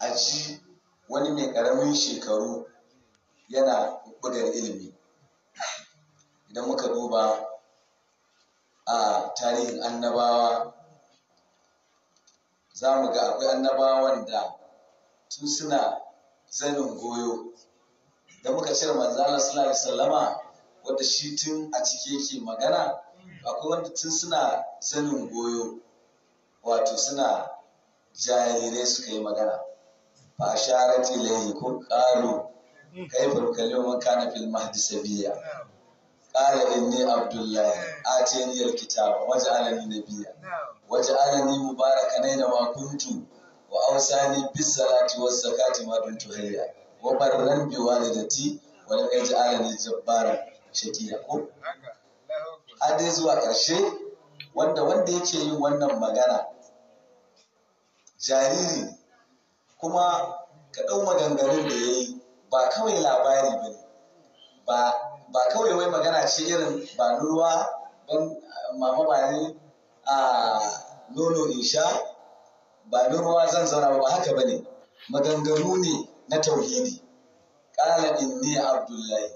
a ji wani mai ƙaramin shekaru yana bugar ilimi idan muka duba a tarihin annabawa za mu ga akwai annabawan da tun suna zanin goyo da muka cire manzana da sallama wadda shi tun a cike yake magana akwai wanda tun suna zanin goyo wato suna jarirai suka yi magana fa asharat ilayhi ko qalu kayfa nukallimu man kana fil mahdi sabiya qala inni abdullah atini alkitaba waj'alani nabiyya waj'alani mubarakan aina ma kuntu wa awsani bis salati waz zakati ma dumtu hayya wa barran bi walidati wa lam yaj'alani jabbara shakiya ko har dai zuwa karshe wanda wanda yake yin wannan magana jariri kuma ka ɗau maganganun da ya yi ba kawai labari ba ne ba kawai wai magana ce irin ba ruwa ban ah, mama ba ne a nono in sha ba ruwa zan zauna ba haka ba ne maganganu ne na tauhidi ƙala inni abdullahi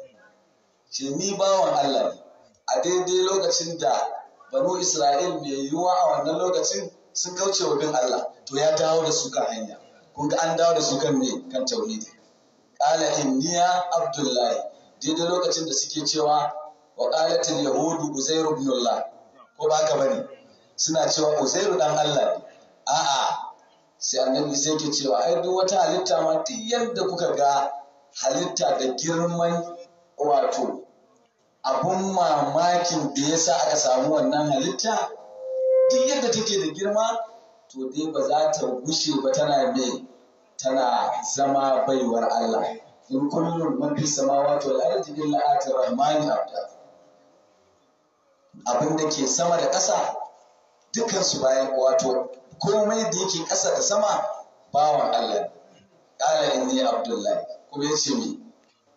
ce ni bawan Allah ne a daidai lokacin da banu Isra'il mai yiwuwa a wannan lokacin sun kauce wa bin Allah to ya dawo da su kan hanya kun an dawo da su kan me kan tauhidi qala inniya abdullahi daidai lokacin da suke cewa wa qalat al yahud uzair ibn allah ko ba ka bane suna cewa uzair dan allah 'a sai annabi sai ke cewa ai duk wata halitta ma duk yadda kuka ga halitta da girman wato abun mamakin da yasa aka samu wannan halitta duk yadda take da girma to dai ba za ta gushe ba tana mai tana zama baiwar Allah in kullum man fi samawati wal ardi illa ati rahmani abda abin da ke sama da ƙasa dukansu bayan wato komai da yake ƙasa da sama bawan Allah ƙala inni abdullahi kuma ya ce mi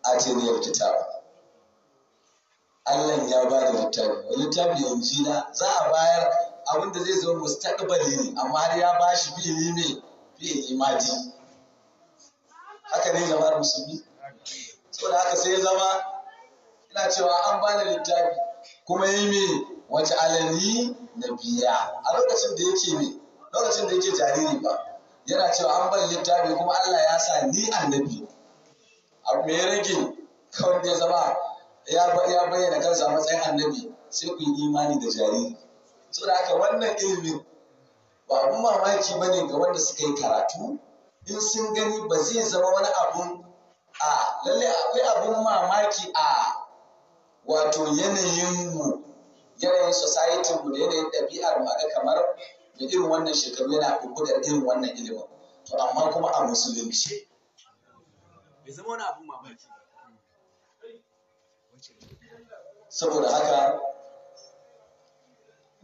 a ce ne kitaba Allah ya ba da littafi wani littafi injila za a bayar abin da zai zo mustaqbali ne amma har ya bashi fi'ili ne fi'ili imaji haka ne zama musulmi saboda haka sai ya zama ina cewa an bani littafi kuma yi me wace alani na biya a lokacin da yake me lokacin da yake jariri ba yana cewa an da littafi kuma Allah ya sa ni annabi abu me ya rage kawai da ya zama ya bayyana kansa matsayin annabi sai ku yi imani da jariri saboda haka wannan ilimin ba abun mamaki ba ne ga wanda suka yi karatu in sun gani ba zai zama wani abun a lallai akwai abun mamaki a wato yanayinmu yanayin societinmu da yanayin ɗabi'ar mu kamar da irin wannan shekaru yana uku da irin wannan ilimin to amma kuma a musulunci bai zama wani abun mamaki saboda haka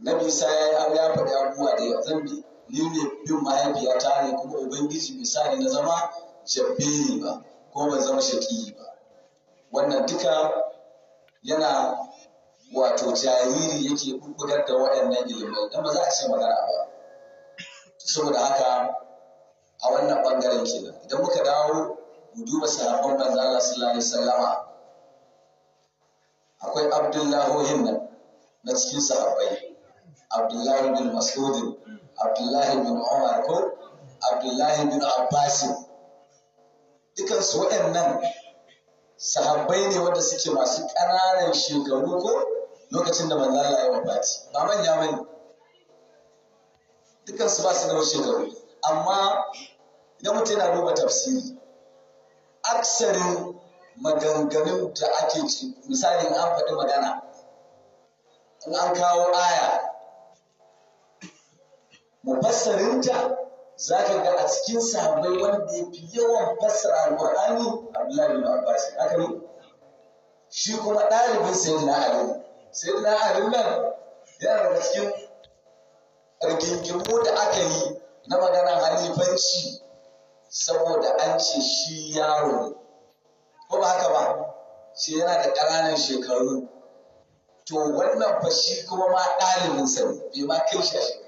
Na bisa ya yi aure ya faɗi abubuwa da yawa zan bi ni ne bin mahaifiyata ne kuma Ubangiji misali na zama jabberi ba ko ban zama shaƙi ba. Wannan duka yana wato jariri yake bugar da waɗannan ilimai don ba za a ce magana ba. Saboda haka a wannan ɓangaren kenan idan muka dawo mu duba sahabban manzo Allah sallallahu alaihi akwai Abdullahi nan na cikin sahabbai abdullahi bin masudin abdullahi bin umar ko abdullahi bin abbasin dukansu waɗannan sahabbai ne wanda suke masu ƙananan shekaru ko lokacin da manzo Allah ya bati. ba manya bane dukansu ba su da shekaru amma idan mutum yana duba tafsiri aksarin maganganun da ake ci misalin an faɗi magana in an kawo aya mufassarinta za ka ga a cikin sahabbai wanda ya fi yawan fassara alƙur'ani abdullahi bin abbas haka ne shi kuma ɗalibin sayyidina ali sayyidina ali nan yana da cikin rigingimu da aka yi na maganar halifanci saboda an ce shi yaro ne ko ba haka ba shi yana da ƙananan shekaru to wannan fa shi kuma ma ɗalibin sa ne bai ma kai shi a shekaru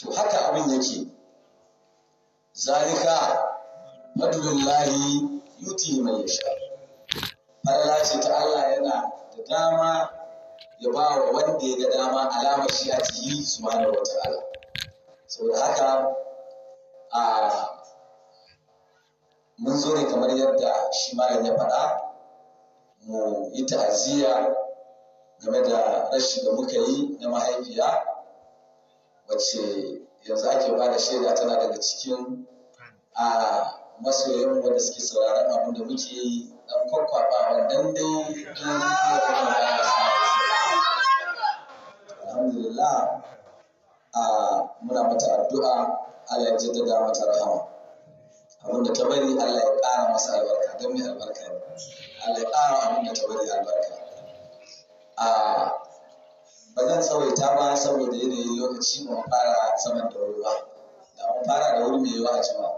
to haka abin yake zalika fadlullahi yuti mai yasha Allah ce ta Allah yana da dama ya ba wa wanda ya ga dama alamar shi a cikin subhanahu wata'ala saboda haka a mun zo ne kamar yadda shi malam ya faɗa mu yi ta'aziyya game da rashin da muka yi na mahaifiya wacce yanzu ake ba da shaida tana daga cikin a masoyan wanda suke sauraron abin da muke yi dan kwakwaba ba dan dai dan alhamdulillah a muna mata addu'a Allah ya jaddada mata rahama abin da ta bari Allah ya ƙara masa albarka don mai albarka ne Allah ya ƙara abin da ta bari albarka a ba zan tsawaita ba saboda yanayin lokaci ba fara zaman da wuri ba da mun fara da wuri mai yawa a jima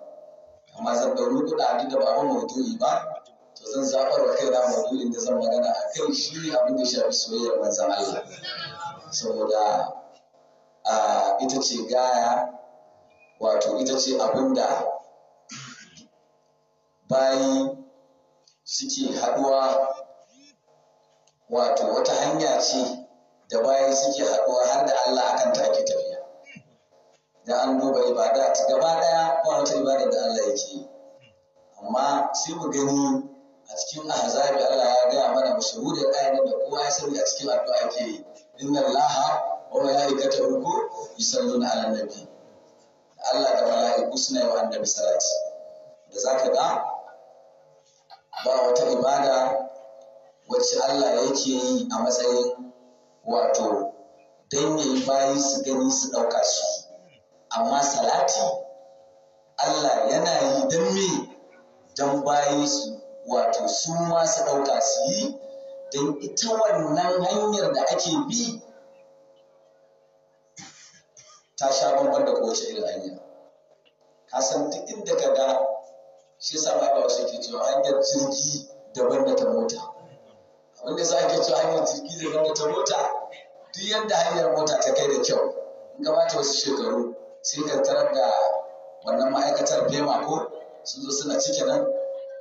amma zan ɗauri kuɗaɗe da ba mu maudu'i ba to zan zaɓar wa kai na maudu'in da zan magana a kai shi abin da shafi soyayyar manzan Allah saboda ita ce gaya wato ita ce abin da bayi suke haɗuwa wato wata hanya ce da bayi suke haɗuwa har da Allah akan take tafiya da an duba ibada gaba daya ba wata ibada da Allah yake amma sai mu gani a cikin ahzabi Allah ya gaya mana mashahudin ayatin da kowa ya sani a cikin addu'a ke inna Allah wa malaikatahu yusalluna ala nabi Allah da mala'iku suna yi wa annabi salati da zaka ga ba wata ibada wacce Allah yake yi a matsayin wato don yi bayi su gani su ɗauka su amma salati Allah yana yi don me don bayi su wato su ma su ɗauka su yi don ita wannan hanyar da ake bi ta sha bambam da kowace irin hanya ka san duk inda ka ga shi sa ba da wasu ke cewa hanyar jirgi daban da ta mota wanda su ake cewa hanyar jirgi zai zama ta mota duk yadda hanyar mota ta kai da kyau in gabata wasu shekaru sai ka tarar da wannan ma'aikatar fema ko sun zo suna cike nan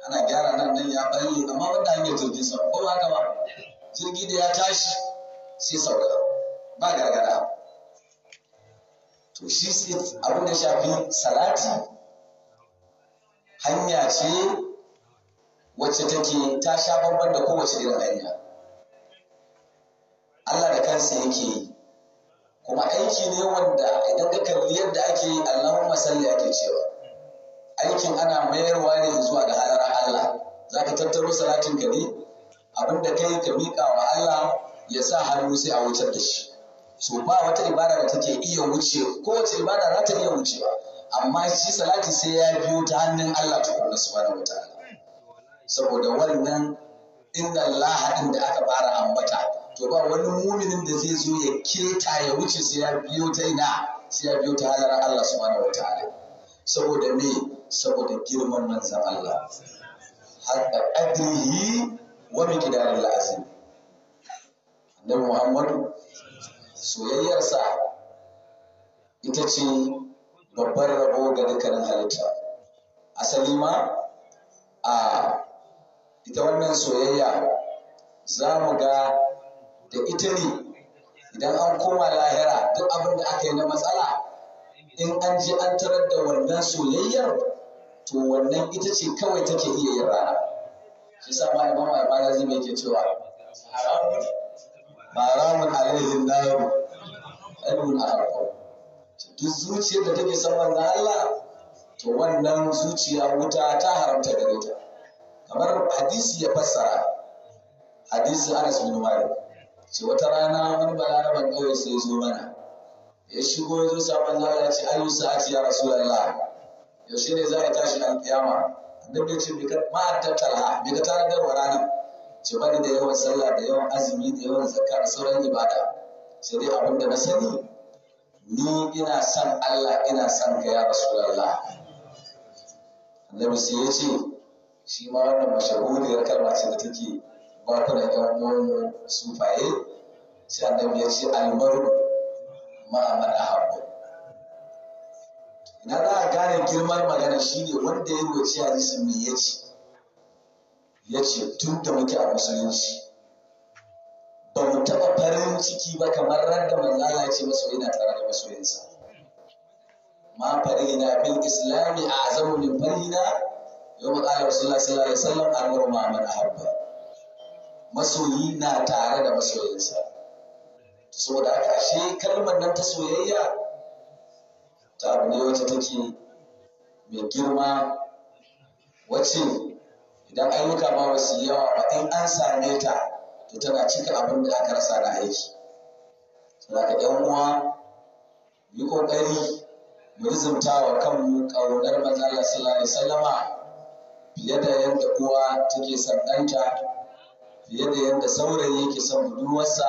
ana gyara nan nan ya balle amma wanda hanyar jirgin sa ko ba ba jirgi da ya tashi sai sauka ba gargada to shi abin da shafi salati hanya ce wacce take ta sha bamban da kowace irin hanya Allah da kansa yake yi kuma aiki ne wanda idan ka kalli yadda ake yi Allahumma salli ake cewa aikin ana mayarwa ne zuwa ga halar Allah zaka tattaro salatin gari abinda kai ka miƙa wa Allah ya sa hannu sai a wutar da shi so ba wata ibada da take iya wuce kowace ibada za ta iya wucewa amma shi salati sai ya biyo ta hannun Allah ta kuma subhanahu wataala saboda wannan inna lahadin da aka fara ambata to ba wani muminin da zai zo ya keta ya wuce sai ya biyo ta ina sai ya biyo ta halarar Allah subhanahu wataala saboda me saboda girman manzan Allah hatta adrihi wa miqdaril azim annabi Muhammadu soyayyarsa ita ce babbar rabo ga dukkanin halitta asali ma a ita wannan soyayya za mu ga da ita ne idan an koma lahira duk abin da aka yi na matsala in an ji an tarar da wannan soyayyar to wannan ita ce kawai take iya yin rana shi sa ma imam albani zai mai ke cewa haramun alaihin naru alun arqam duk zuciyar da take son manzon Allah to wannan zuciya wuta ta haramta da ta kamar hadisi ya fassara hadisi Anas bin Malik ce wata rana wani balaraban kawai sai zo mana ya shigo ya zo sabon Allah ya ce ayu sa'ati ya rasu rasulullah yaushe ne za a tashi an kiyama annabi da ce ma tattala ka tara da rana ce bani da yawan sallah da yawan azumi da yawan zakka da sauran ibada sai dai abin da na sani ni ina son Allah ina son ka ya rasu rasulullah annabi sai ya ce shi ma wannan mashahuriyar kalma ce da take ba ku da ƴan uwan sufaye sai annabi ya ce almaru ma'aman ahabbu idan za a gane girman magana ne wanda ya roci hadisi me ya ce ya ce tun da muke a musulunci ba mu taɓa farin ciki ba kamar randa manzo Allah ya ce masoyi yana tare da masoyinsa ma farina bin islami a azamu min farina yau ƙalar rasulullah sallallahu alaihi wasallam amur ma'amar ahabba masoyi na tare da masoyinsa saboda haka shi kalmar nan ta soyayya ta abu ne wacce take mai girma wacce idan ayyuka ma ba su yawa ba in an same ta to tana cika abin da aka rasa da aiki saboda yan uwa yi kokari mu rizumta wa kanmu ƙaunar manzo Allah sallallahu alaihi fiye da yadda uwa take sanɗanta fiye da yadda saurayi yake son budurwarsa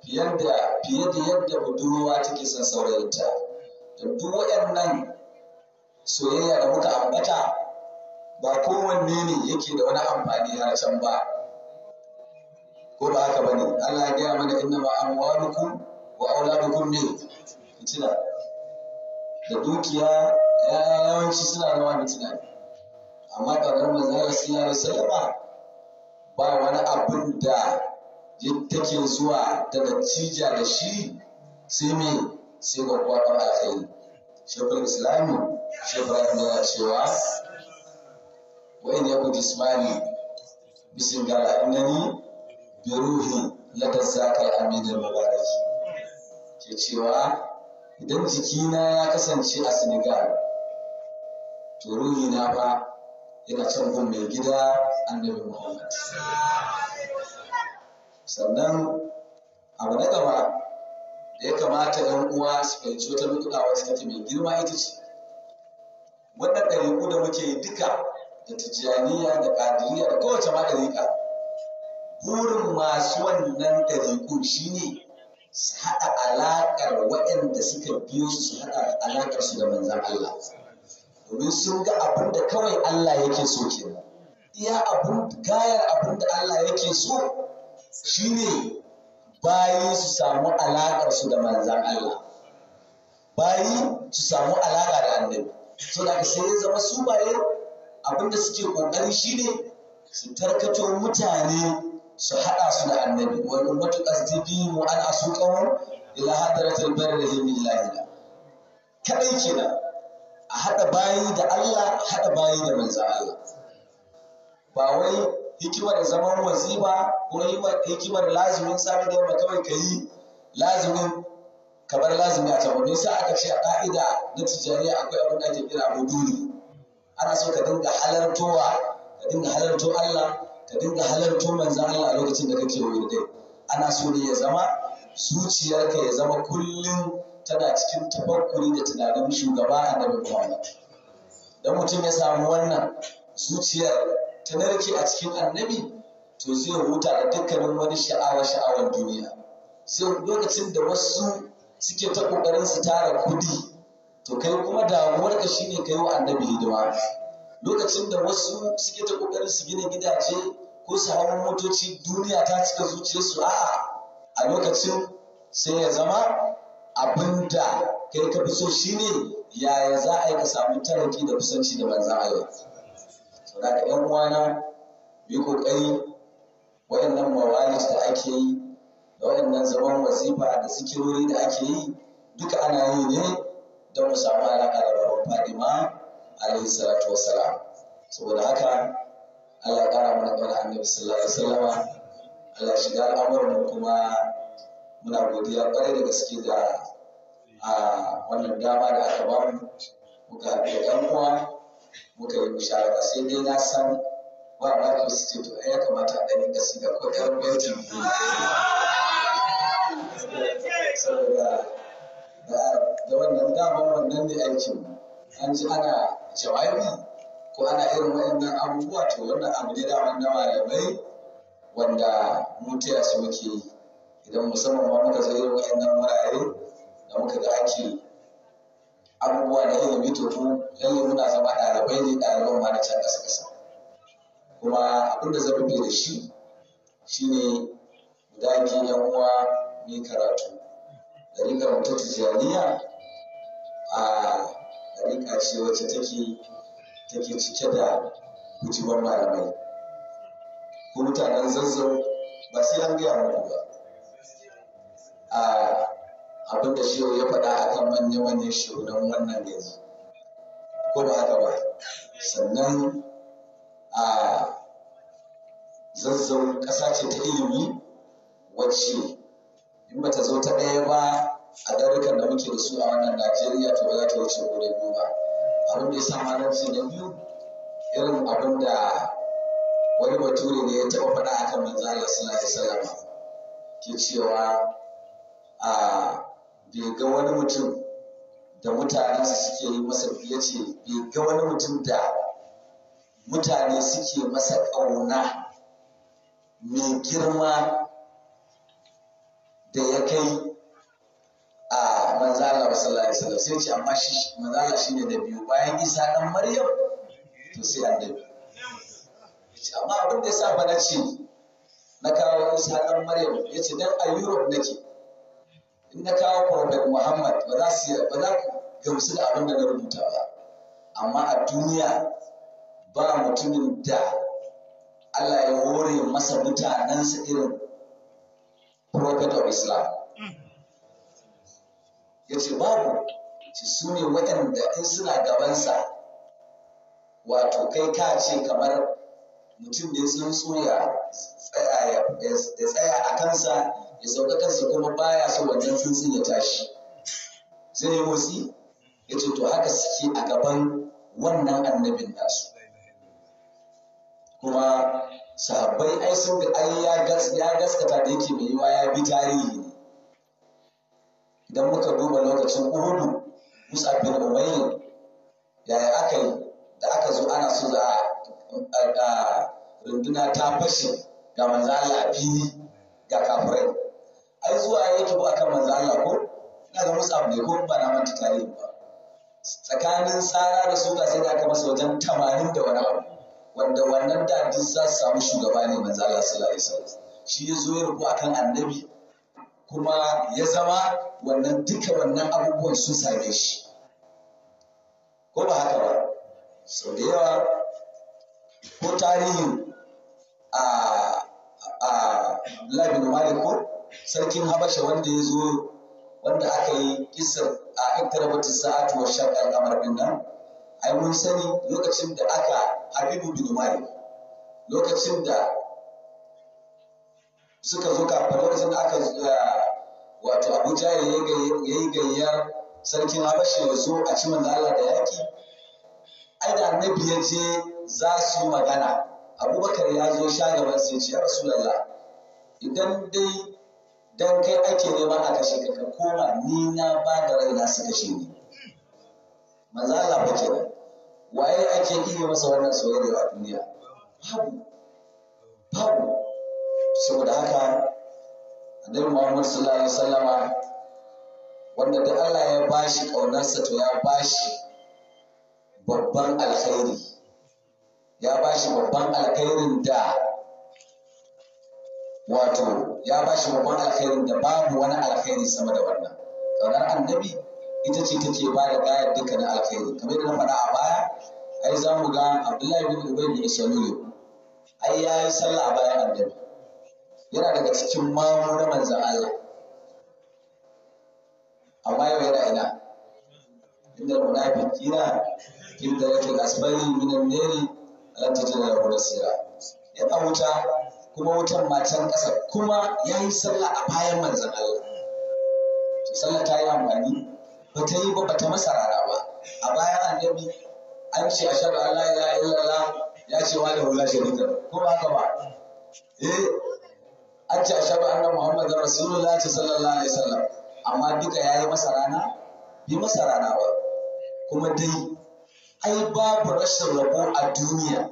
fiye da yadda budurwa take son saurayinta da duk waɗannan soyayya da muka ambata ba kowanne ne yake da wani amfani har can ba ko ba haka bane Allah ya gaya mana inna ma amwalukum wa auladukum ne fitina da dukiya yawanci suna rawa da tunani amma ƙaunar manzana sallallahu alaihi wasallama ba wani abin da take zuwa da cija da shi sai mai sai gwaggwaɓar alkhairi shekul islami shekul yana cewa wa'in ya kuji jismani bisin gara inani biruhi ladar zakai aminin mabaraki ke cewa idan jikina ya kasance a senegal to ruhi na ba. yana can gun mai gida annabi muhammad sannan abu na gaba da ya kamata yan uwa su fahimci wata nukuda wacce take mai girma ita ce wannan ɗariƙu da muke duka da tijjaniya da ƙadiriya da kowace ma ɗariƙa burin masu wannan ɗariƙu shine su haɗa alaƙar waɗanda suka biyo su su haɗa alaƙar su da manzan Allah domin sun ga abin da kawai Allah yake so kenan iya abin gayar abin da Allah yake so shine bayi su samu alaƙar su da manzan Allah bayi su samu alaƙa da annabi so da sai ya zama su baye abin da suke kokari shine su tarkato mutane su haɗa su da annabi wani ummatu qasdibi mu su asuqahu ila hadratil barri min Kaɗai kadai kenan a haɗa bayi da Allah haɗa bayi da manzo Allah ba wai hikimar zaman wazi ba ko hikimar lazimin sami da kawai ka yi lazumin kamar lazumi a can sai aka ce a ka'ida na tijjaniya akwai abin da ake kira buduri ana so ka dinga halartowa ka dinga halarto Allah ka dinga halarto manzo Allah a lokacin da kake wani dai ana so ne ya zama zuciyarka ya zama kullum tana cikin tafakkuri da tunanin shugaba a da Muhammad Da mutum ya samu wannan zuciyar ta narke a cikin annabi to zai huta da dukkanin wani sha'awa sha'awar duniya sai lokacin da wasu suke ta kokarin su tara kudi to kai kuma damuwar ka shine kai wa annabi hidima lokacin da wasu suke ta kokarin su gina gidaje ko su hawan motoci duniya ta cika zuciyarsu a'a a lokacin sai ya zama abinda kai ka fi so ne, yaya za a yi ka samu taraki da kusanci da manzan yau. to da ƴan uwana yi kokari waɗannan mawalis da ake yi da waɗannan zaman wasifa da sikirori da ake yi duka ana yi ne don mu samu alaƙa da babban Fadima alaihi salatu wassalam saboda haka Allah ya ƙara mana ƙwala annabi sallallahu alaihi wasallama Allah shiga al'amuran kuma muna godiya kwarai da gaske da wannan dama da aka ba mu muka haɗe ɗan uwa muka yi mushawara sai dai na san ba ma ki su to ya kamata a ɗanin gasi da ko ɗan gwamnati saboda da wannan damar wannan ne aikin an ji ana jawabi ko ana irin wa'annan abubuwa to wannan abu ne da wannan malamai wanda mutiya su muke yi idan musamman ma muka zai wa'in nan wurare da muka ga ake abubuwa da ilimi to mu lalle muna zama ɗalibai ne ɗaliban ma na can ƙasa ƙasa kuma abin da zan rufe da shi shine mu dage yan uwa mu karatu da mu ta tijjaniya a dariƙa ce wacce take take cike da gujiban malamai ko mutanen zazzau ba sai an gaya muku ba abin da shi ya faɗa a kan manya-manyan shirunan wannan yanzu, ko ba haka ba sannan a zazzau ƙasa ce ta ilimi wacce in ba ta zo ta ɗaya ba a darukan da muke da su a wannan najeriya to ba za ta wuce gobe biyu ba abin da ya sa ce na biyu irin abin da wani bature ne ya taɓa faɗa akan kan manzara sallallahu alaihi wasallam ke cewa a bai ga wani mutum da mutane suke yi masa ya ce bai ga wani mutum da mutane suke masa ƙauna mai girma da ya kai a manzala sallallahu lalisa wasallam sai ce amma shi manzala ne da biyu bayan isa ɗan maryam to sai annabi amma abin da sa fa na ce na kawo isa dan maryam ce dan a europe nake in na kawo prophet muhammad ba za su ba za ku gamsu da abin da na rubuta ba amma a duniya ba mutumin da Allah ya hore masa mutanensa irin prophet of islam ya ce babu ce su ne waɗanda in suna gabansa wato kai ka ce kamar mutum da ya tsuntsu ya tsaya a kansa ya sauka kansa kuma baya so wannan tsuntsun ya tashi zai yi motsi ya ce to haka suke a gaban wannan annabin nasu kuma sahabbai ai sun ga ai ya gaskata da yake mai yiwa ya bi tarihi ne idan muka duba lokacin uhudu musa bin umayyin yaya aka yi da aka zo ana so za a runduna ta fashe ga manzo a fili ga kafirai zuwa ya yi a akan manzo Allah ko ina ga abu ne ko ba na manta tarihi ba tsakanin sara da suka sai da aka masa wajen tamanin da wani abu wanda wannan da duk za su samu shugaba ne manzo Allah sallallahu alaihi wasallam shi ya zo ya rubu akan annabi kuma ya zama wannan duka wannan abubuwan sun same shi ko ba haka ba sau da yawa ko tarihin a labin malik ko sarkin habasha wanda ya zo wanda aka yi kisar a iktarabati sa'atu wa shaq al din nan yi mun sani lokacin da aka habibu bin malik lokacin da suka zo kafa lokacin da aka eh, wato abuja ya yi gayyar sarkin habasha ya zo a ci da Allah da yaki ai da annabi ya je za su yi magana abubakar ya zo sha gaban sai ce rasulullah idan dai don kai ake nema a kashe ka ka koma ni na ba da rai su kashe ni manzo Allah ba kenan waye ake iya masa wannan soyayya a duniya babu babu saboda haka annabi Muhammad sallallahu alaihi wasallama wanda da Allah ya bashi kaunarsa to ya bashi babban alkhairi ya bashi babban alkhairin da wato ya ba shi babban alkhairin da babu wani alkhairi sama da wannan kaunar annabi ita ce ta ce ba da gayar dukkanin alkhairi kamar da na faɗa a baya ai za mu ga abdullahi bin ubay bin salulu ai ya yi sallah a bayan annabi yana daga cikin mamu na manzan Allah amma yau yana ina inda munafiqina kin da yake asbari minan neri la tajra da nasira ya wuta. kuma wutar ma can ƙasa kuma ya yi sallah a bayan manzan Allah sallah ta yi amfani ba ta yi ba ba ta masa rara ba a bayan annabi an ce a shaɗa Allah ya illallah ya ce wa da hula sharika ko ba ka ba eh an ce a shaɗa Allah Muhammad Rasulullah ce sallallahu alaihi wasallam amma duka ya yi masa rana bi masa rana ba kuma dai ai babu rashin rabo a duniya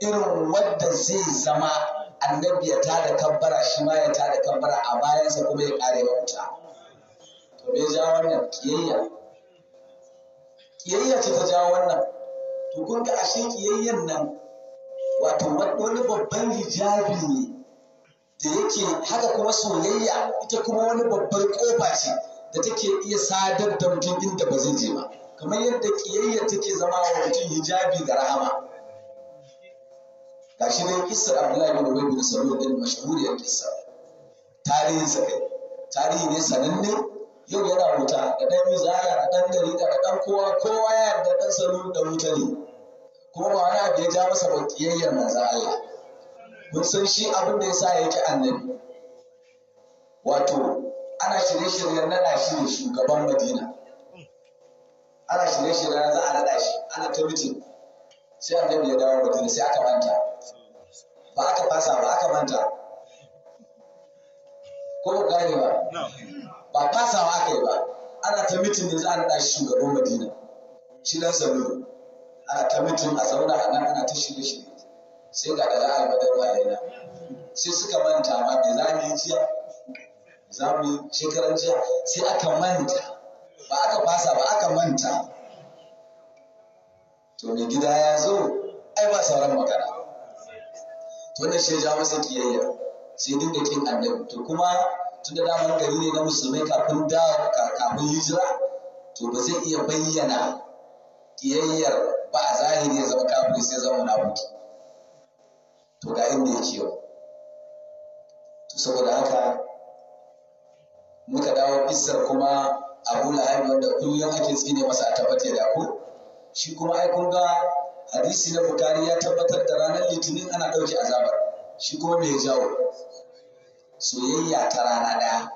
irin wadda zai zama annabi ya tada kabbara shi ma ya tada kabbara a bayansa kuma ya kare wa wuta to me ja wannan kiyayya kiyayya ce ta ja wannan to kun ga ashe kiyayyan nan wato wani babban hijabi ne da yake haka kuma soyayya ita kuma wani babban kofa ce da take iya sadar da mutum inda ba zai je ba kamar yadda kiyayya take zama wa mutum hijabi ga rahama gashi dai kissar Abdullahi bin Ubay bin Salul din mashhuriyar kissa tarihin sa kai tarihi ne sananne yau yana wuta da dan zaya da dan gari da dan kowa kowa ya yarda dan Salul da wuta ne kuma ba wani abu ya ja masa ba kiyayyar manzo Allah mun san shi abin da yasa yake annabi wato ana shirye-shiryen naɗa shi ne shugaban Madina ana shirye-shiryen za a naɗa shi ana ta mutum sai annabi ya dawo madina sai aka manta ba aka fasa ba aka manta ko ba gane ba ba fasawa aka yi ba ana ta mitin da za a naɗa shugaban madina shi dan salu ana ta mitin a zauna a nan ana ta shirye shirye sai ga da za a yi madarwa sai suka manta ma da za mu yi jiya za mu yi shekaran jiya sai aka manta ba aka fasa ba aka manta to mai gida ya zo ai ba sauran magana to wannan shi ya ja masa kiyayya sai dinga kin annabi to kuma tun da damar gari ne na musulmai kafin da kafin hijira to ba zai iya bayyana kiyayyar ba a zahiri ya zama kafin sai zama munafiki to ga inda yake yau to saboda haka muka dawo bisar kuma abu lahabi wanda kullum ake tsine masa a tabbatar da ku shi kuma ai kun ga hadisi na bukari ya tabbatar da ranar litinin ana ɗauke azabar shi kuma mai jawo soyayya ta rana ɗaya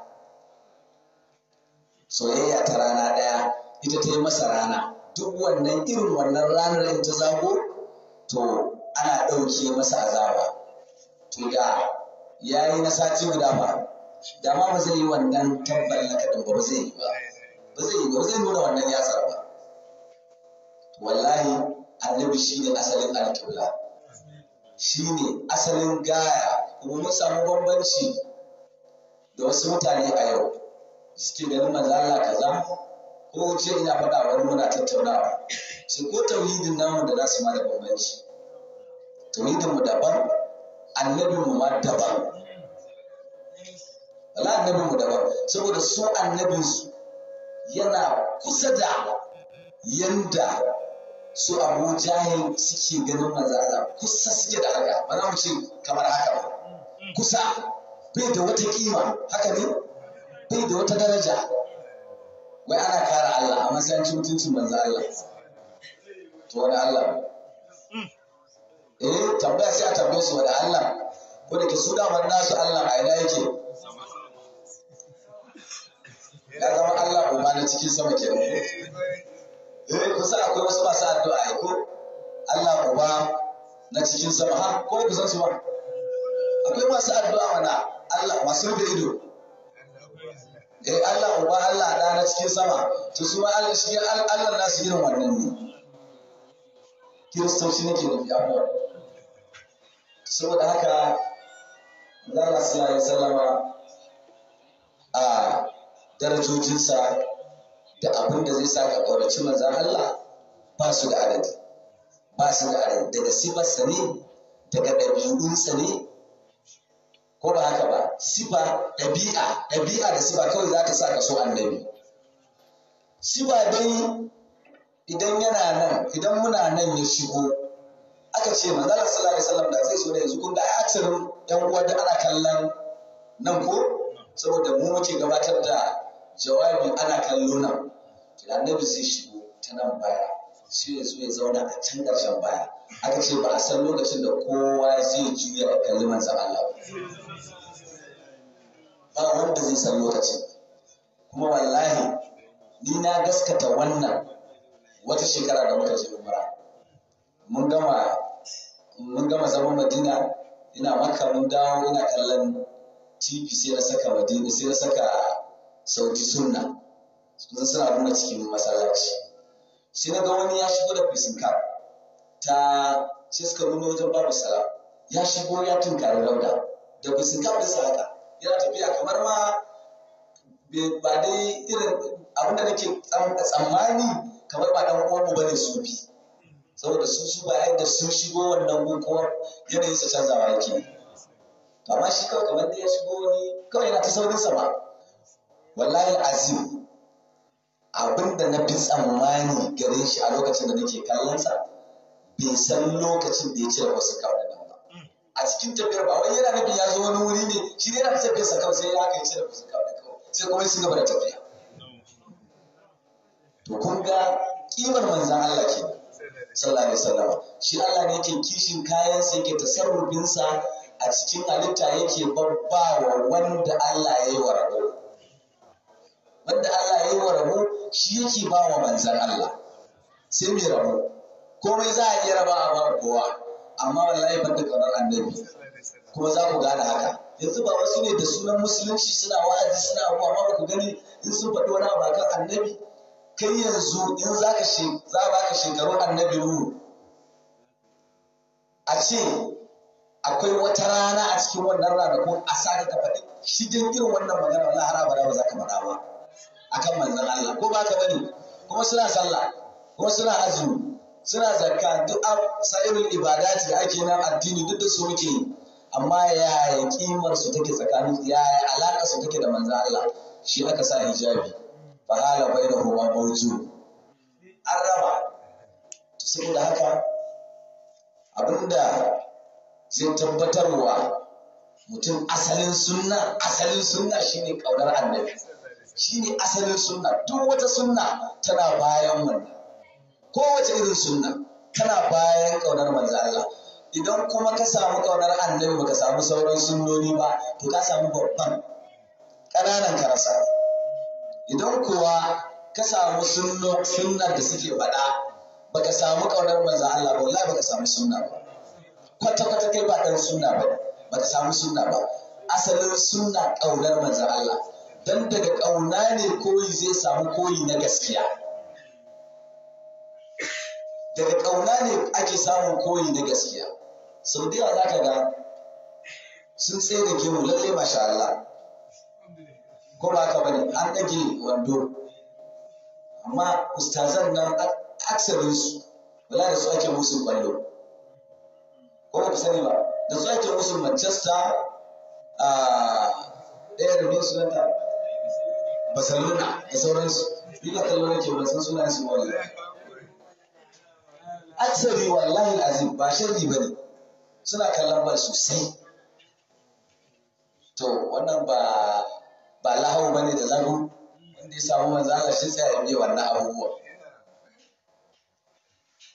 soyayya ta rana ɗaya ita ta yi masa rana duk wannan irin wannan ranar in ta zago to ana ɗauke masa azaba to da ya yi na sati guda ba da ba zai yi wannan tabbar na kaɗan ba ba zai yi ba ba zai yi ba zai nuna wannan yatsar ba wallahi annabi shi ne asalin alƙibla shi ne asalin gaya kuma mun samu bambanci da wasu mutane a yau suke ganin manzo Allah kaza ko ce ina faɗa wani muna tattaunawa su ko tauhidin namu da nasu ma da bambanci tauhidin mu daban annabin mu ma daban wala annabin mu daban saboda su annabinsu yana kusa da yanda su abu jahil suke ganin manzo Allah kusa suke da haka ba za mu ce kamar haka ba kusa bai da wata kima haka ne bai da wata daraja wai ana kara Allah a matsayin mutuncin manzo Allah to wani Allah eh tambaya sai a tambaye su wani Allah ko da ke su damar nasu Allah a ina yake ya zama Allah uba na cikin sama kenan domin eh, kusa akwai wasu masu addu'a ya ko Allah ba na cikin sama ha ko ku san su ba akwai masu addu'a mana Allah masu da ido eh Allah ba Allah da na cikin sama to su ma Allah shi Allah na su yin wannan ne ne nake da abuwa saboda haka Allah sallallahu alaihi wasallama a darajojinsa da abin da zai sa ka ƙaunaci manzan Allah ba su da adadi ba su da adadi daga sifarsa ne daga ɗabi'unsa ne ko ba haka ba sifa ɗabi'a ɗabi'a da sifa kawai za ta sa ka so annabi sifa dai idan yana nan idan muna nan ya shigo aka ce manzala sallallahu alaihi wasallam da zai so da yanzu kun ga hatirin yan uwa da ana kallon nan ko saboda mu muke gabatar da jawabi ana kallo nan annabi zai shigo ta nan baya sai ya zo ya zauna a can ƙarshen baya aka ce ba a san lokacin da kowa zai juya a kalli sa Allah ba wanda zai san lokacin kuma wallahi ni na gaskata wannan wata shekara da muka je umra mun gama mun gama zaman madina ina maka mun dawo ina kallon tv sai na saka madina sai na saka sauti suna, sun suna nuna cikin masallaci sai na ga wani ya shigo da fisinka ta ce suka nuna wajen babu sala ya shigo ya tunkari rauda da fisinka sa haka yana tafiya kamar ma ba dai irin abinda nake tsammani kamar ba dan ne bane sufi saboda su su bayan da sun shigo wannan gunkowar yanayin su canzawa yake amma shi kawai kamar da ya shigo wani kawai yana ta saurin sama ba wallahi azim abin da na fi tsammani gare shi a lokacin da nake kallon sa bai san lokacin da ya cire wasu kawai ba a cikin tafiyar ba wani yana nufin ya zo wani wuri ne shi ne yana tafiyar sa kawai sai ya yi cire wasu kawai kawai sai kuma su gaba da tafiya to kun ga kimar manzan Allah ke sallallahu alaihi wasallam shi Allah ne yake kishin kayan sa yake tasarrufin sa a cikin halitta yake babbawa wanda Allah ya yi wa rabo wanda Allah ya yi wa rabo shi yake ba wa manzan Allah sai mai rabu komai za a iya raba a ba kowa amma wallahi ban da kaunar annabi kuma za ku gane haka yanzu ba wasu ne da sunan musulunci suna wa'azi suna abubuwa amma ku gani in sun faɗi wani abu kan annabi kai yanzu in za ka za ba ka shekaru annabi ruhu a ce akwai wata rana a cikin wannan rana ko a sa ka faɗi shi irin wannan magana wani har abada ba za ka faɗa ba akan manzon Allah ko ba ka bane kuma suna sallah kuma suna azumi suna zakka duk sa'irin ibadati da ake nan addini duk da su muke yi amma yaya kimar su take tsakanin yaya alaka su take da manzon Allah shi aka sa hijabi fa hala bainahu wa bawju an raba saboda haka abinda zai tabbatarwa mutum asalin sunna asalin sunna shine kaunar annabi ne asalin sunna duk wata sunna tana bayan wannan kowace irin sunna tana bayan ƙaunar manzo Allah idan kuma ka samu ƙaunar annabi baka samu sauran sunnoni ba to ka samu babban ƙananan karasa. idan kuwa ka samu sunnar da suke faɗa baka samu ƙaunar manzo Allah ba wallahi baka samu sunna ba kwata kwata kai ba ɗan sunna ba baka samu sunna ba asalin sunna ƙaunar manzo Allah don daga ƙauna ne koyi zai samu koyi na gaskiya daga ƙauna ne ake samun koyi na gaskiya sau da yawa za ka ga sun tsaye da gemu lallai masha Allah ko ba ka bane an ɗage wando amma ustazan nan aksarinsu wala da su ake musu kwallo ko ba ku sani ba da su ake musu manchester ah, ɗaya da su nan barcelona da sauransu duka kallon nake ban san sunayen su wallahi aksari wallahi azim ba sharri ba ne suna kallon bal sosai to wannan ba ba lahau ba ne da lagu wanda ya samu manzo Allah shi tsaya ya biya wannan abubuwa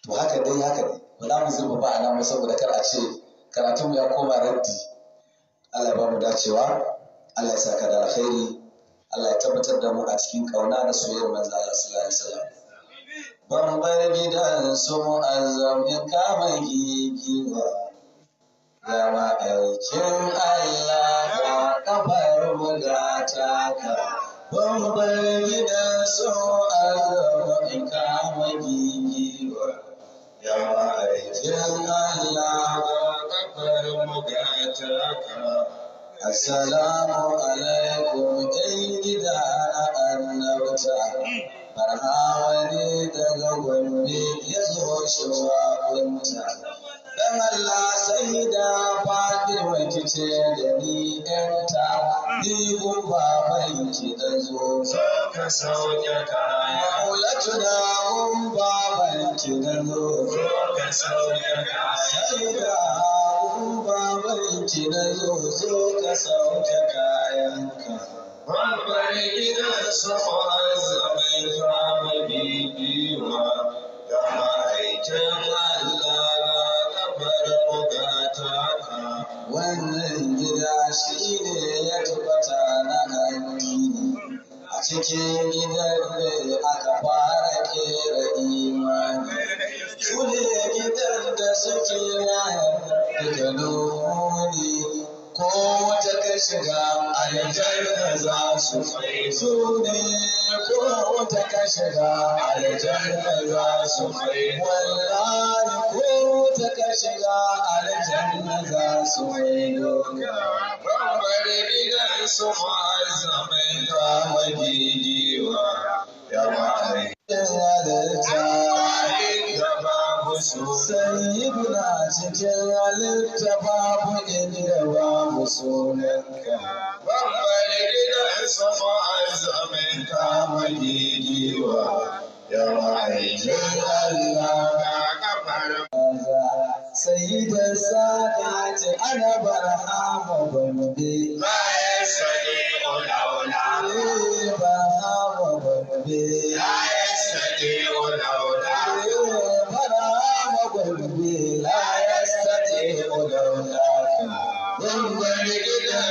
to haka dai haka dai ba za mu zurfa ba a nan saboda kar a ce karatunmu ya koma raddi Allah ya ba mu dacewa Allah ya saka da alkhairi Allah ya tabbatar da mu a cikin kauna da soyayyar manzo Allah sallallahu alaihi wasallam ban bar gidan su azam ya kama gigiwa ma aikin Allah ka kafar bugata ka ban bar gidan su azam ya kama gigiwa ma aikin Allah ka kafar bugata ka Assalamu alaikum ɗan gida na annabta. Barhawani daga gombe ya zo shi wakunta. Dan Allah sai da faɗi rikice da ni ‘yanta, ni gumba mai ki da zo ka sauke kaya. Maulatu na gumba mai ki da zo ka sauke kaya. Sai da abun babanci na zo zo ka sauke kayanka. Babbar gidan safa zabai fama bibiwa, da ma'aikin Allah na kamar bukata ka. Wannan gida shi ne ya tabbata na addini, a cikin gidan ne aka fara kera kule gidan da suke na da nuni ko wata ka shiga aljanna za su su ne ko wata ka shiga aljanna za su wallahi ko wata ka shiga aljanna za su babbar gidan su har zaman kama gigiwa ya ma'aikata da ta sosai na cikin halitta babu inda babu sunanka babbar gidan sama azamin kama gigiwa ya ma'aikin Allah ka kafar sai da sadati ana barhama bambe ba ya sani ulaula eh, ba ha bambe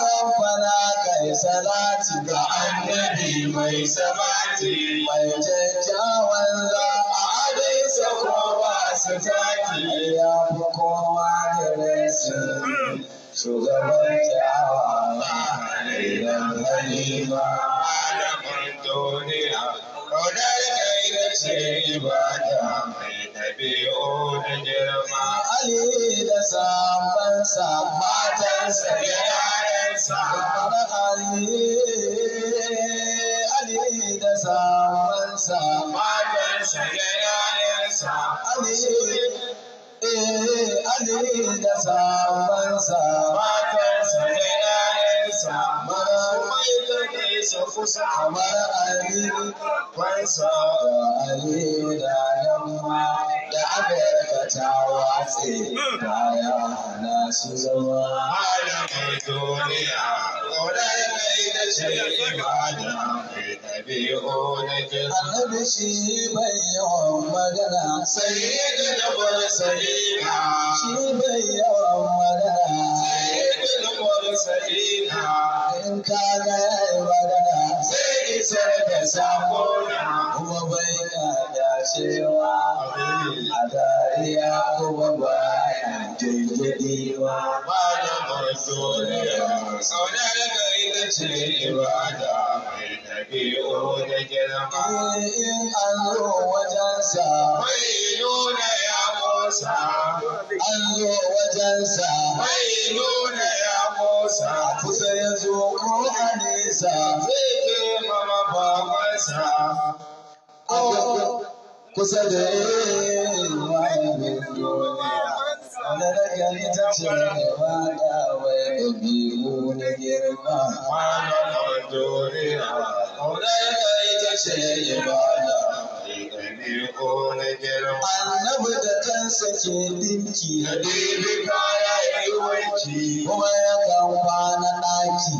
rabbana kai salati ga annabi mai samati mai jajjawan za a adaisa kowa su taki ya fi kowa da resu shugaban jawa ma idan halima alamun duniya Rodar kai da ce ibada mai ɗabi'u da girma. Ali da sabon sabatan sa Ali, Ali, Ali da sawansa, matarsa da yayansa, Ali, Ali, Ali da sawansa, matarsa da yayansa. kwansa mara mai kai sa kusa mara aliyu kwansa aliyu da yamma da amerika ta watse baya hana su zama malamai duniya kaunar mai da ce ibada mai ɗabi'u na gina annabi shi bai yawan magana sai da dabar sai shi bai yawan magana mursalina in ka ga yayi magana zai isar da sakona kuma bai da cewa a dariya kuma baya jajjadewa ba da masoya sau da gari ta ce ibada mai ɗabi'u da girma in an zo wajensa mai nuna ya musa an zo wajensa mai nuna ya Musa kusa ya zo ko a nesa zai Kusa da wani duniya, wani ragari ta ce ba da wai ɗabi'u na girma. Wani duniya, wani ragari ta ce ba da iko na girma. Annabi da kansa ke dinki. Da dibi ya yi wanki. Kuma ya kan kwana ɗaki.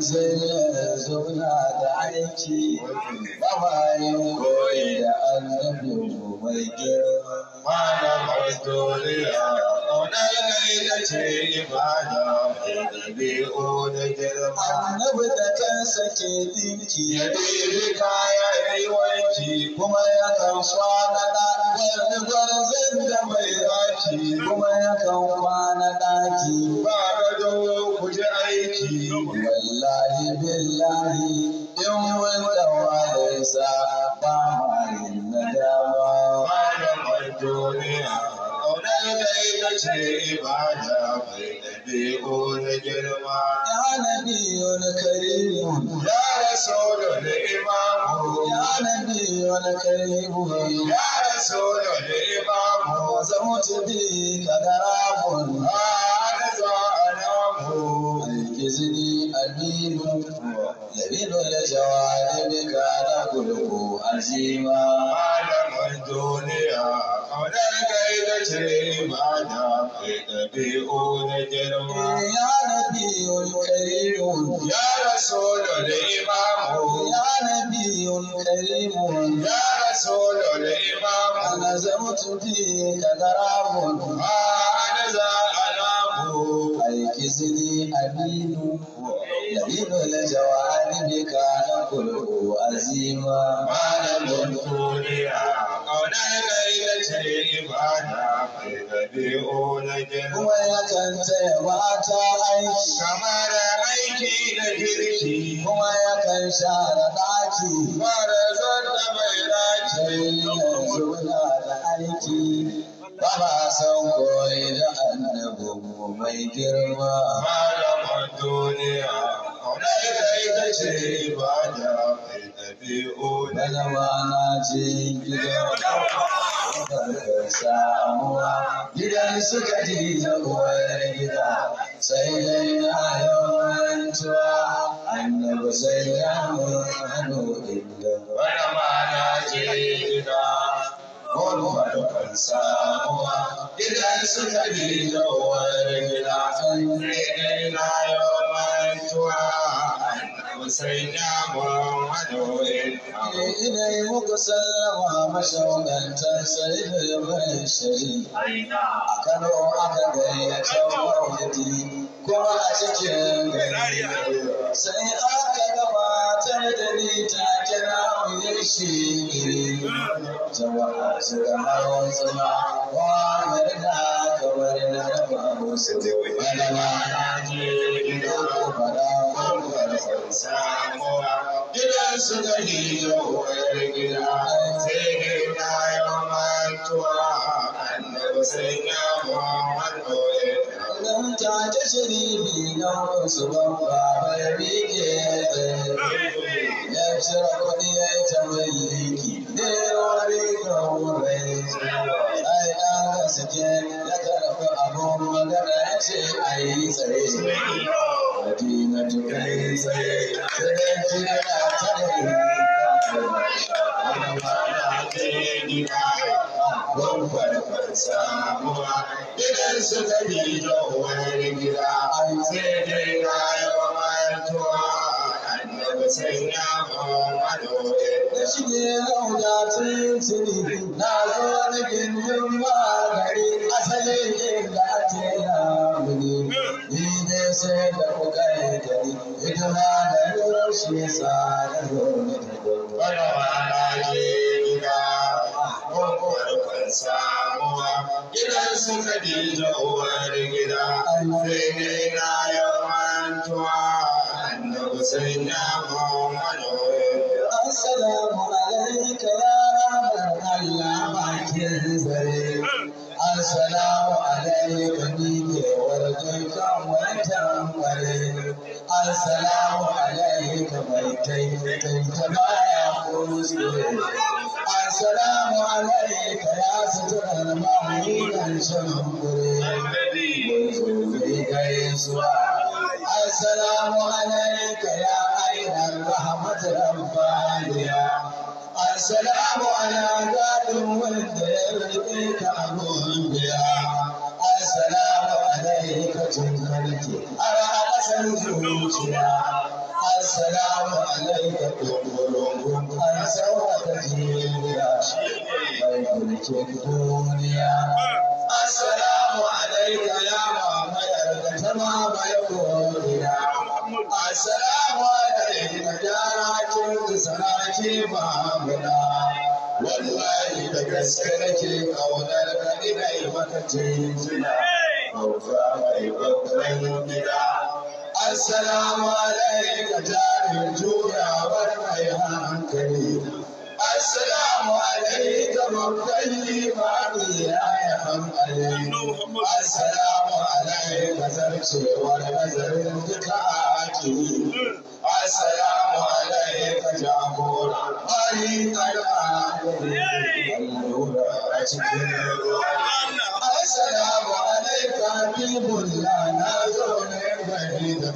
sai zauna da aiki babayin koyi da mai girma ce da girma annabi da kansa ke ya ɗebi kaya ya yi wanki kuma ya kan kwana ɗaki gwarzan da mai yaki. kuma ya kan kwana ba wallahi billahi in wanda wadai sa ba mai nadama ba da duniya kaunar kai da ce da ya nabiyul imamu ya nabiyul imamu zamutu bi kadaramun da jawabinka na kulku azima malamin duniya kaunar kai da ce ma da mai ɗabi'u da girma. Ya rabi ulkari mun. Ya raso da limamu. Ya rabi ulkari mun. Ya raso da limamu. Ana zama tuti ka gara mun. Ma'ana za a lamu. Aiki zini abinu. نبيل الجوانبك نقول عزيما ما لم نقول يا قول الغيبة لبعد Kuma ya kan tsaye wata aiki, kamar aiki na jirgi, kuma ya kan sha da daki, kuma da zan da mai daki, kuma ya kan sha da daki, ba ba san koyi da annabu mai girma, ba da mai duniya. ita ce ibada mai ɗabi'u gidan suka gida sai dai na annabi sai ya hannu inda wani ce gida samuwa suka da gida sai dai na Sai ɗaya kusazana kwa sai ɗaya ya fara shari ake yiwa ake ga yi ake sai ala kakama da ni ta ake shi ne jama'a suka hawan zama wa marna kamar na raba musu da malama da ko fara wani samuwa gidan su gari da wayar gida sai dai na mantuwa annabi sai ya muhammadu ya nan ta ta sharifi na wasu babba bai rike ya cire kuɗi ya yi ta mallaki ne wani kawurai ai an ga suke ya karfi abun magana ya ce a yi tsaye Madina ta kai tsaye sai ya ta da ni. Ana ma na ta yi kwakwar samuwa idan suka bi wani gida sai dai rayuwa mantuwa annabi sai ya mamalore da shige lauda tuntuni na zo na gindin magari asalin inda ake yamuni ni ne sai da kokari gari hidima da nurar rashin sa na zo na tabbata samuwa gidan su Khadija uwar gida sai dai na yau mantuwa annabi sai na Muhammadu assalamu ala'ika ya rahman Allah bakin zare assalamu ala'ika ni ke warjin kan watan bare assalamu alayka mai taitai ta baya kuskure Asalamu ya su jar ma'aikacin firgita, ya karya da Amadu amfaniya. wanda ya barke ta'addo hanayuwa. Asalamu alaika sun karya da alasan السلام عليك قلوبهم أن سوف تجيبنا ملك الدنيا السلام عليك يا محمد تمام يقولنا السلام عليك يا راجل سراجي محمدا والله تكسرك قولك إلى مكة جينا أوفى أيضا من Assalamu alaika jarin jurawar mai hankali. Assalamu alaika makalli mami ya yi hankali. Assalamu alaika zarcewar nazarin duka a hakimi. Assalamu alaika jagora mali kalma a cikin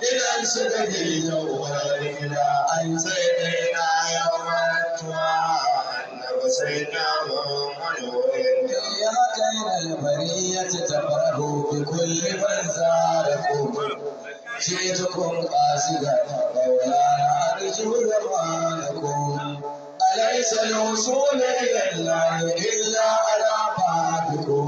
idan suka ji taurar gida an sai dai na ya mantuwa annabi sai na muhammadu wanda ya kai da labari ya ci tabarahu bi kulli banza da kuma shi ta kun kasi ga tabaula na arjihu da malakum alaysa al-usul ila allah illa ala fadikum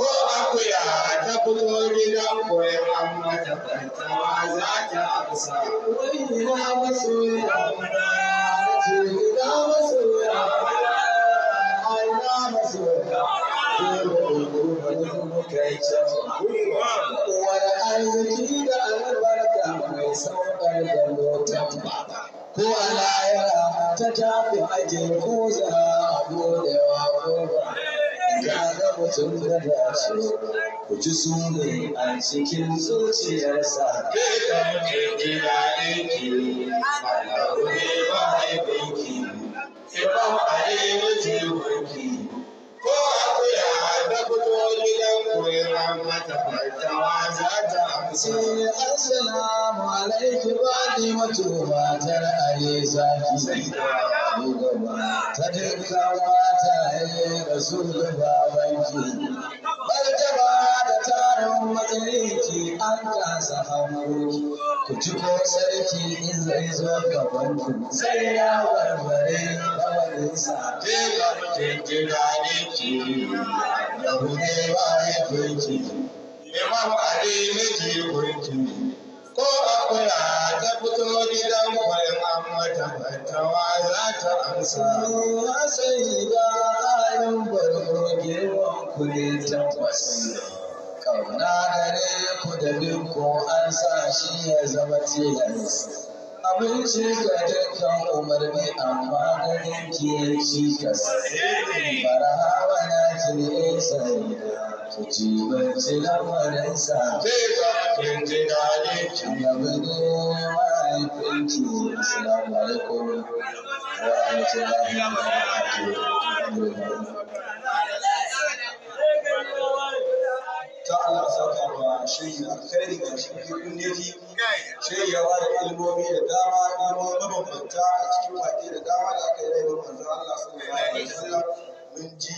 ko akuya ta fito gidan koyon mata fantawa za ta amsa. Wani na masu ramana, jiri na masu ramana, aina masu Wani arziki da albarka mai saukar da lotan baba. Ko a ta tafi aje ko za a godewa ko ba. ya ga mutum da da ku ji su ne a cikin zuciyarsa da muke kira aiki ba da ba aibinki sai ba a yi mijin ko akuya da fito gidan koyira mata fartawa za ta amsa. Assalamu alaikum wa nimatu wa tar ale zaki. Ta dinka mata ya rasu da babanki. Martaba da tarin tsiriki an kasa hamoki ku ci ko sarki in zai zo gaban ku sai ya warware bawalinsa ke garkin gida ne ki da hude ba ya kunki imam ali miji kunki ko akula ta fito gidan kwayan an mata fatawa za ta amsa sai ga ayin barno girman ku ne tabbas kauna gare ku da binku an sa shi ya zama tilas abinci ga dukkan umarni amma ganin kiyar cikas farahawa na kiri sani ku ci bacci lamarinsa kin ji daɗi kin yabi ne mahaifinki assalamu alaikum wa rahmatullahi wa barakatuh ta Allah saka wa shehi alkhairi da cikin kundeji shehi ya bada ilmomi da dama ilmomi mabambanta a cikin waƙe da dama da aka yi rai manzon Allah sallallahu alaihi wasallam mun ji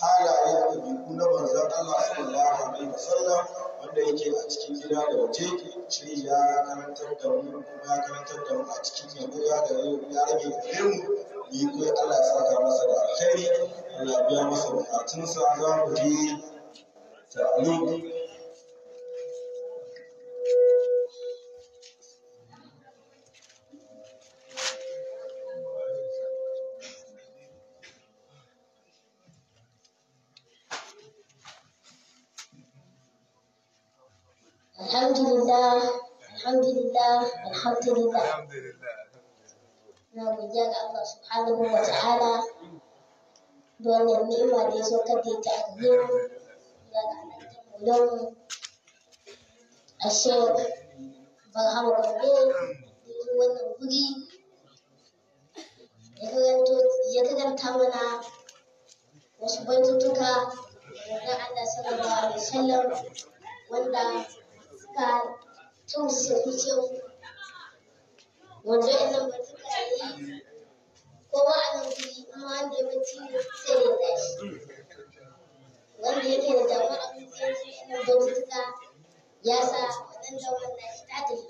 halaye da ɗabi'u na manzon Allah sallallahu alaihi wasallam wanda yake a cikin gida da waje shehi ya karantar da mu ya karantar da mu a cikin yabo ya ga ya rage gare mu yi ko Allah saka masa da alkhairi Allah ya biya masa bukatunsa za mu je Alhamdulillah, Alhamdulillah, Alhamdulillah. Alhamdulillah. Allah Subhanahu wa Taala, dua nikmat yang suka don a shek barhamu gambe da wannan guri ya karanta mana wasu baitutuka da Allah sallallahu alaihi wasallam wanda suka tausa zuciyar wanda ya zama suka yi kowa a nan guri kuma wanda ya mutu sai ya tashi wanda yake da abinci ya sa wannan tafi.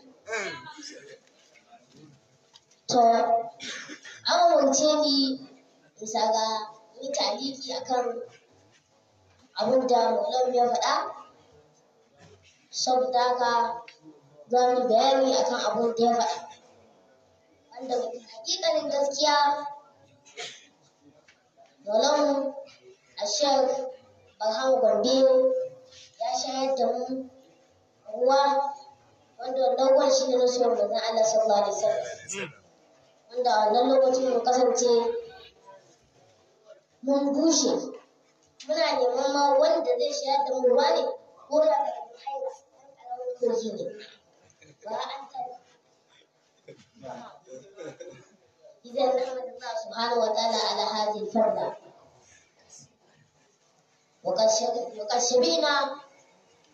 To, an umarce ni bisa ga yi taliki akan abin da Maulam ya faɗa, saboda haka za mu bayani akan abin da ya faɗa. Wanda hakikanin gaskiya, Maulam a shek Barham Gwandero ya shayar da mu ruwa wanda wannan ruwan shi ne na suwar manzan Allah sallallahu alaihi wasallam wanda a wannan lokacin mu kasance mun bushe muna neman ma wanda zai shayar da mu ruwa ne ko da ka tafi haihuwa ɗan ƙaramin kogi ne ba an taɓa إذا نحمد الله سبحانه وتعالى على هذه الفرقة وقد شبهنا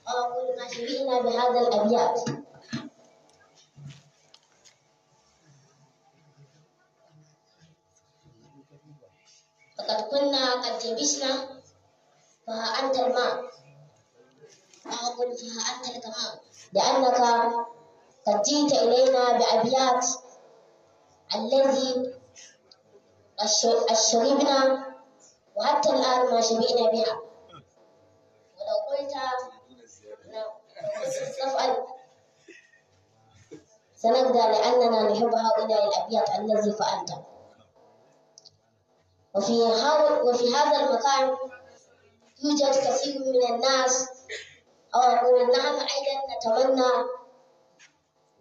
أو أقول ما شبهنا بهذا الأبيات فقد كنا قد جبسنا فها أنت الماء أو أقول فها أنت الماء لأنك قد جئت إلينا بأبيات الذي أشربنا وحتى الآن ما شبئنا بها نفعل لأننا نحب هؤلاء الأبيات الذي فعلته وفي وفي هذا المكان يوجد كثير من الناس أو أقول نعم أيضا نتمنى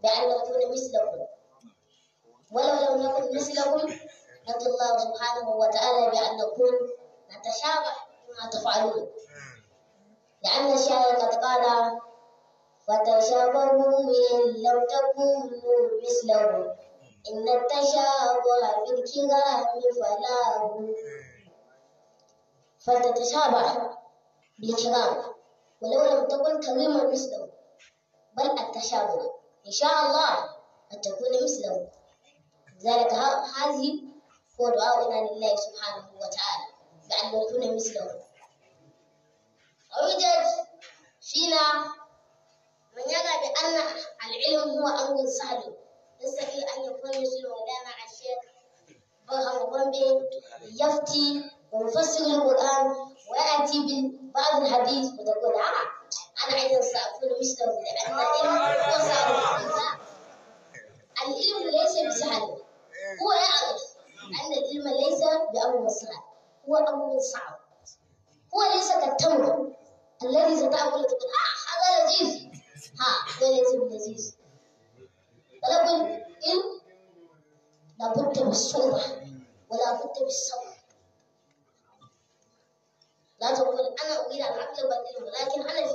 بأن نكون مثلكم ولو لم نكن مثلكم ندعو الله سبحانه وتعالى بأن نكون نتشابه بما تفعلون لأن الشاعر قد قال فتشابهوا من لم تكونوا مثلهم إن التشابه في الكرام فلاه فتتشابه بالكلام ولو لم تكن كلمة مثله بل التشابه إن شاء الله أن تكون مثله ذلك هذه هو دعاؤنا لله سبحانه وتعالى بأن نكون مثله عودت فينا من يرى بأن العلم هو أمر سهل يستطيع أن يكون مثل مولانا الشيخ بهر بومبي يفتي ويفسر القرآن ويأتي ببعض الحديث وتقول آه أنا أيضا سأكون مثله لأن العلم هو سهل العلم ليس بسهل هو يعرف أن العلم ليس بأمر سهل هو أمر صعب هو ليس كالتمر الذي ستأكل تقول آه هذا لذيذ ha relative disease talabul ilm la budda bisulba wa la budda bisabr لا تقول انا اريد ان اطلب العلم ولكن انا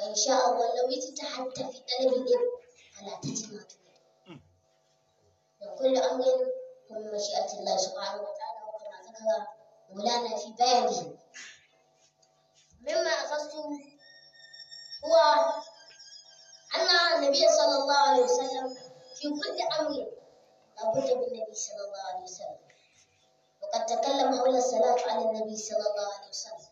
وإن شاء الله لو يزيد حتى في قلب العلم فلا أتت ما وكل أمر من مشيئة الله سبحانه وتعالى وكما ذكر مولانا في بيانه مما أخذت هو أن النبي صلى الله عليه وسلم في كل أمر لابد بالنبي صلى الله عليه وسلم وقد تكلم حول الصلاة على النبي صلى الله عليه وسلم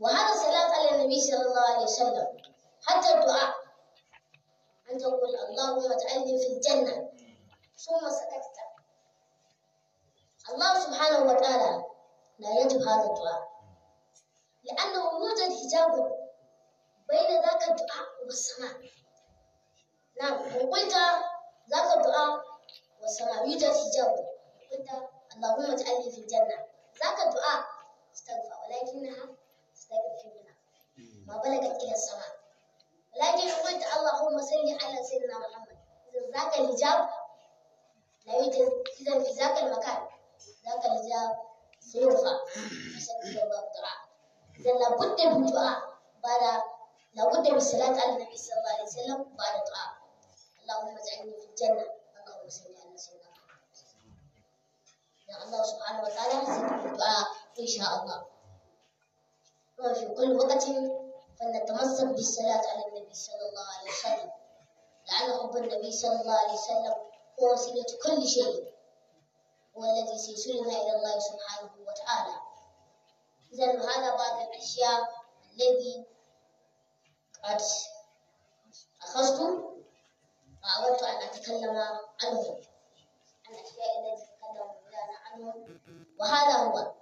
وهذا صلاة على النبي صلى الله عليه وسلم حتى الدعاء أن تقول اللهم اجعلني في الجنة ثم سكتت الله سبحانه وتعالى لا يجب هذا الدعاء لأنه يوجد حجاب بين ذاك الدعاء والسماء نعم إن قلت ذاك الدعاء والسماء يوجد حجاب قلت اللهم اجعلني في الجنة ذاك الدعاء استغفر ولكنها تستغفر منها ما بلغت إلى السماء لكن قلت اللهم صل على سيدنا محمد إذا ذاك الحجاب لا يوجد إذا في ذاك المكان ذاك الحجاب سيرفع بشكل الله تعالى إذا لابد من دعاء بعد لابد من الصلاة على النبي صلى الله عليه وسلم بعد دعاء اللهم اجعلني في الجنة اللهم صل على سيدنا محمد يا الله سبحانه وتعالى سيدنا الدعاء إن شاء الله وفي كل وقت فلنتمسك بالصلاة على النبي صلى الله عليه وسلم لأن حب النبي صلى الله عليه وسلم هو وسيلة كل شيء هو الذي سيسلنا إلى الله سبحانه وتعالى إذا هذا بعض الأشياء الذي قد أخذت وأردت أن أتكلم عنه عن الأشياء التي تكلم مولانا عنه وهذا هو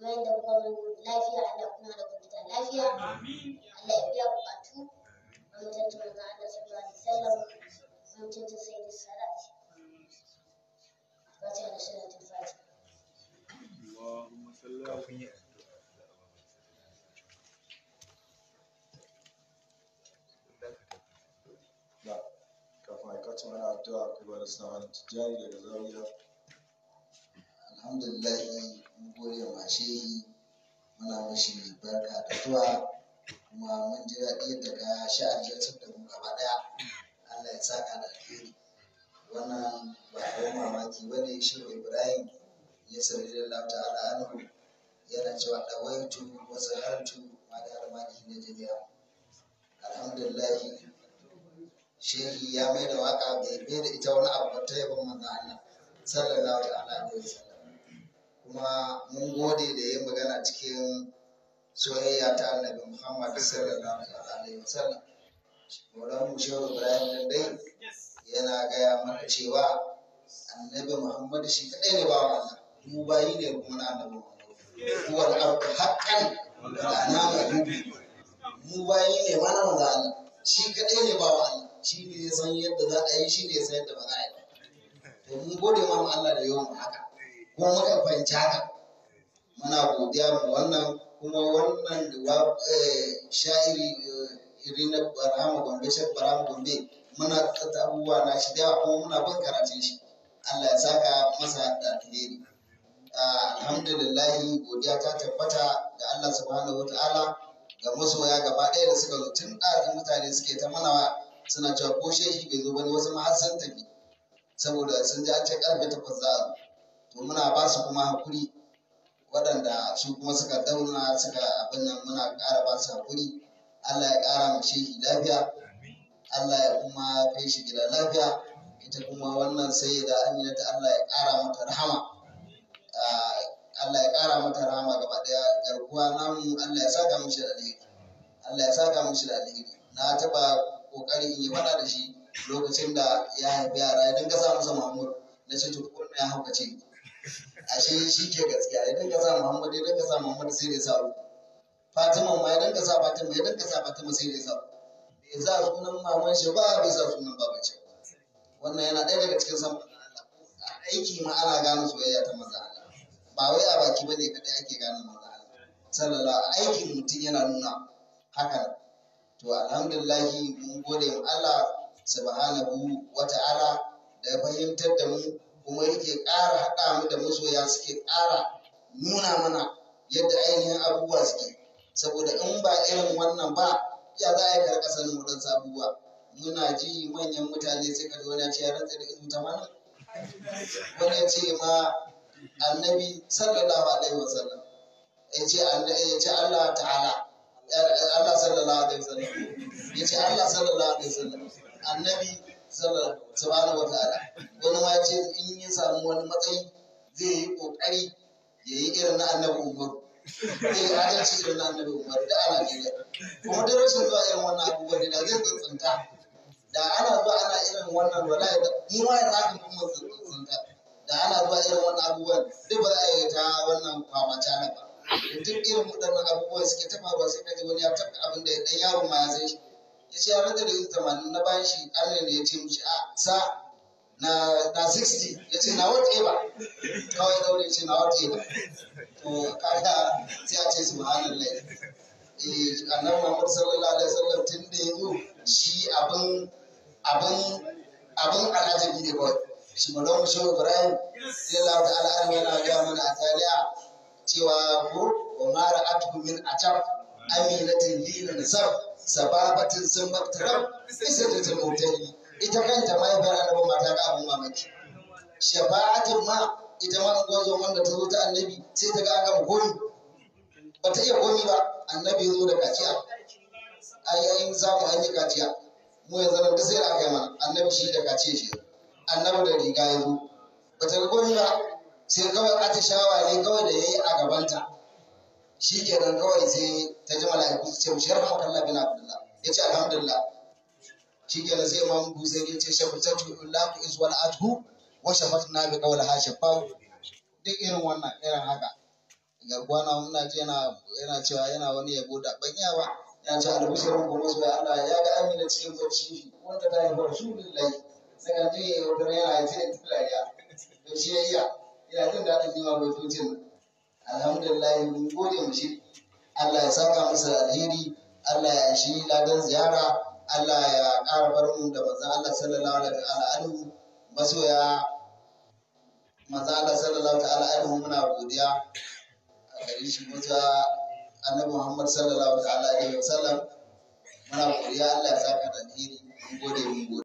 kamar yadda kuka zo lafiya Allah kuma da kuka lafiya Allah ya biya bukatu a mutunta manzo Allah sallallahu alaihi wasallam a mutunta sayyidina salati wace da shirin tafati Allahumma salli ala kafin aikacin ana addu'a akwai barista wani tijjani daga zaria alhamdulillah mun gode ma shehi muna mashi barka da zuwa kuma mun ji daɗi daga ka sha'ajantar da mu gaba ɗaya Allah ya saka da alheri wannan ba abin mamaki ba ne shi ibrahim ya sauri da lafta ala anhu yana cewa ɗawaitu wasu hartu ma da harmaki na jami'a alhamdulillah shehi ya mai da waka bai bai da ita wani abu ta yi manzo Allah sallallahu alaihi wasallam kuma mun gode da yin magana cikin soyayya ta annabi muhammad sallallahu alaihi wasallam maulan mushehu ibrahim dai yana gaya mana cewa annabi muhammad shi kadai ne ba wanda mu bayi ne kuma na annabi huwa al haƙƙan da na nama mu bayi ne mana manzo allah shi kadai ne ba wanda shi ne san yadda za a yi shi ne san yadda ba za a yi to mun gode ma Allah da yawan haka kuma muka fahimci haka muna godiya mu wannan kuma wannan eh, sha'iri eh, irina barhama gombe shek bar'ama gombe muna tattata abubuwa na shi da kuma muna bin karatun shi allah ya saka masa da alheri alhamdulillahi godiya ta tabbata ga allah subhanahu wa ta'ala ga masoya gaba ɗaya da suka zo tun ɗazin mutane suke ta manawa, suna cewa ko shehi bai zo bane wasu ma har sun tafi saboda sun ji an ce karfe takwas za a zo to muna ba su kuma hakuri waɗanda su kuma suka dauna suka abin nan muna ƙara ba su hakuri Allah ya ƙara mu shehi lafiya Allah ya kuma kai shi gida lafiya ita kuma wannan sai da amina ta Allah ya ƙara mata rahama Allah ya ƙara mata rahama gaba ɗaya garkuwa namu Allah ya saka mishi da alheri Allah ya saka mishi da alheri na taɓa ƙoƙari in yi faɗa da shi lokacin da ya haifi yara ya dinga sa masa Mahmud na ce to ya haukace ashe shi ke gaskiya idan ka sa muhammadu idan ka sa muhammadu sai dai sa fatima ma idan ka sa fatima idan ka sa fatima sai dai sa bai sa sunan maman shi ba bai sa sunan baban shi wannan yana ɗaya daga cikin san aiki ma ana gano soyayya ta maza Allah ba wai a baki bane kadai ake gano maza Allah sallallahu aikin mutum yana nuna haka to alhamdulillahi mun gode wa Allah subhanahu wa da fahimtar da mu kuma yake ƙara haɗa mu da masoya suke ƙara nuna mana yadda ainihin abubuwa suke saboda in ba irin wannan ba ya za a yi karɓa sanin wurin abubuwa muna ji manyan mutane sai ka wani ce ya rantsa da izin mana wani ce ma annabi sallallahu alaihi wa sallam ya ce Allah ta'ala Allah sallallahu alaihi wa sallam ya ce Allah sallallahu alaihi wa sallam annabi subhanahu wa ta'ala wani ma ce in ya samu wani matsayi zai yi kokari ya yi irin na annabi umar zai yi adalci irin na annabi umar da ana jiya kuma da rashin zuwa irin wannan abubuwan da zai tsantsanta da ana zuwa ana irin wannan wala mu ma yanzu haka mun mun tsantsanta da ana zuwa irin wannan abubuwan duk ba za a yi ta wannan kwamacana ba duk irin waɗannan abubuwa suke tafawa sai ka ji wani ya tafi abin da ɗan yaron ma ya san shi ya ce ya raka da tamanin na bayan shi arne ne ya ce mushi a sa na na 60 ya ce na wata ba kawai daure ya ce na wata ba to kaga sai a ce lai eh annabi mamar sallallahu alaihi wasallam tun da yazo shi abin abin abin alajabi ne kawai shi malon shi Ibrahim sallallahu alaihi wasallam yana ga mana a cewa ko wa mara atku min ajab aminatin lina sarf sababatin sun mabtaram isa ta ta mutane ita kanta mai yabar annabi mata ga abun mamaki shafa'atin ma ita ma an gwazo wanda ta zo ta annabi sai ta ga aka gomi ba ta iya gomi ba annabi ya zo da kaciya a yayin samu an kaciya mu yanzu nan ta sai aka kai mana annabi shi da kaciya shi annabi da riga ya zo ba ta ga gomi ba sai kawai a shawa ne kawai da ya yi a gabanta shi kenan kawai sai ta ji mala'iku su ce mushi yarhamu kallah bin abdullah ya ce alhamdulillah shi kenan sai imam buzairi ya ce shafitatu illatu is wal adhu wa shafatna bi qawl hashafa duk irin wannan irin haka Garbuwa na muna ce yana cewa yana wani yabo da ban iya ba ya ce albishirin ko masu ya Allah ya ga amina cikin barci wanda ta yi barci lillahi sai ka je ya yi wata yana ya ce ta filariya to shi ya iya ina jin daɗin yi ma bai tutun alhamdulillah mun gode mishi Allah ya saka musu alheri Allah ya shi ladan ziyara Allah ya ƙara barmu da manzo Allah sallallahu alaihi wa masoya manzo Allah sallallahu alaihi wa muna godiya a gare shi masoya annabi Muhammad sallallahu alaihi wa sallam muna godiya Allah ya saka da alheri mun gode mun gode